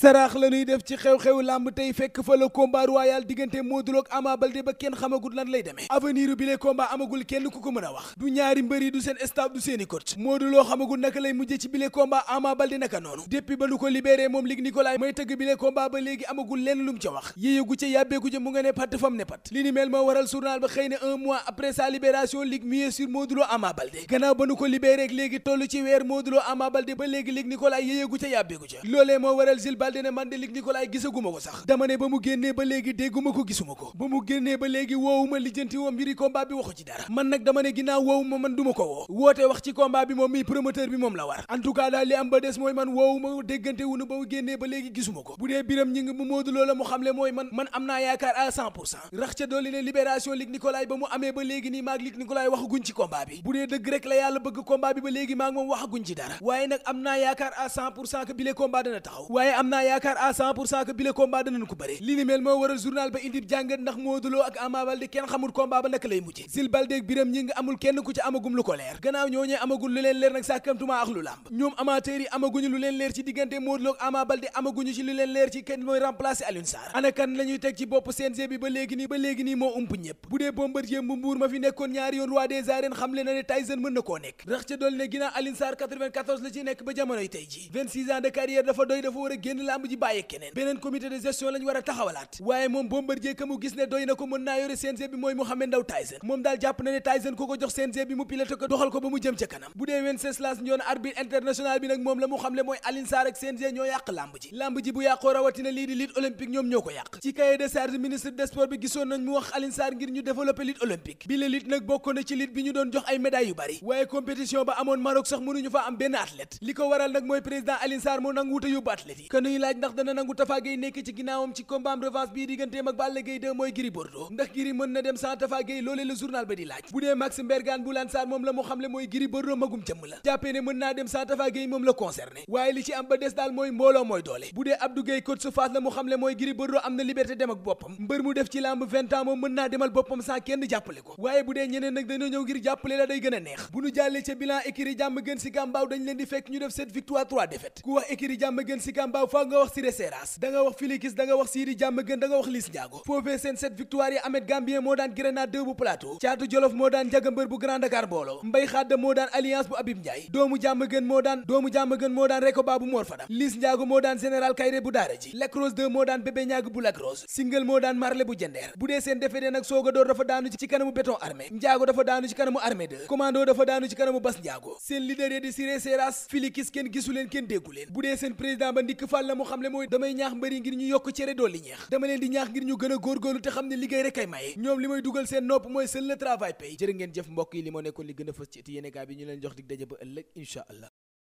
saraax la ñuy def ci xew xew làmb tey fekk fa la combat royal diggante Modou Lo ak Ama Baldé ba kenn xamagul lan lay demee avenir bi le combat amagul kenn ku ko wax du ñaari mbër yi du seen staff du seeni coach Modou Lo xamagul naka lay mujje ci bile combat ba léegi amagul lenn lu ca wax ca yàbbeeku moo waral journal Baldé ne man de Luc Nicolaï gisaguma ko sax dama ne ba mu génnee ba léegi dégguma ko gisuma ko ba mu génnee ba léegi woowuma lijjanti woo mbiri combat bi waxu ci dara man nag dama ne ginnaaw woowuma man duma ko woo woote wax ci combat bi moom mi promoteur bi moom la war en daal li am ba des mooy man woowuma déggante wunu ba génnee ba léegi gisuma ko bu dee biram ñi ngi mu moodu loola mu xamle mooy man am naa yaakaar à cent pour cent que naa yaakaar à pour cent bile combat danañ ko bëre li moo waral journal ba indi jàngat ndax Modou ak Ama Baldé kenn xamul combat ba naka lay mujje Zil Baldé Biram ñi nga amul kenn ku ci amagum lu ko leer gannaaw ñooñee amagul lu leen leer nag sàkkamtuma ak lu làmb ñoom amateurs yi amaguñu lu leen leer ci diggante Modou Lo ak amaguñu ci lu leen leer ci kenn mooy remplacer Alioune Sarr ana teg ci bopp CNG bi ba léegi làmb ji bàyyee keneen beneen comité de gestion lañ war a waaye moom Bombardier ka mu gis ne doy na ko mën naa yore CNG bi mooy Mohamed Ndao Tyson moom daal jàpp na ne Tyson ko ko jox CNG bi mu piloté ko doxal ko ba mu jëm ca kanam bu dee Wenceslas Ndione arbitre international bi nag moom la mu xamle mooy Alioune Sarr ak CNG ñoo yàq làmb ji làmb ji bu yàqoo rawatina lii di lutte olympique ñoom ñoo ko yàq ci cahier de charge ministre des ñuy laaj ndax dana nangu Tapha Gueye nekk ci ginnaawam ci combat am revanche bii digganteem ak Balla Gaye 2 mooy Gris liberté dem ak boppam mbër mu def ci lamb 20 moom mën naa demal boppam sans kenn jàppale ko waaye bu dee ñeneen nag dañoo ñëw ngir jàppale la day gën neex bu ñu jàllee ca bilan écurie jàmm gën si gàmbaaw dañ leen di fekk ñu def 7 victoire 3 défaite ku wax écurie jàmm gën si gàmbaaw ginnaaw nga wax Siré Seras da wax Filikis da wax Sidi Diamaguène da nga wax Liss Ndiago foofee seen sept victoire yi Ahmed Gambien moo daan Grenade 2 bu Plateau caatu Jolof moo daan njagambër bu Grand Dakar booloo Mbay Xadda moo daan Alliance bu Abib Ndiaye doomu Diamaguène moo moo daan Rekoba bu Mor Fadam Liss Ndiago moo daan Général Kayré bu Daara ji Lacrose 2 moo daan Bébé Ñaag bu Lacrose Single moo daan Marlé bu Jender bu dee seen defee nag la mu xamle mooy damay ñaax mbëri ngir ñu yokk cere dolli ñeex dama leen di ñaax ngir ñu gën a góorgóorlu te xam ne liggéey rek ay maye ñoom li may dugal seen nopp mooy seul le travail paye jërë ngeen jëf mbokk yi li moo nekkoon li gën fës ci yéene bi ñu leen jox dig daje ba ëllëg incha allah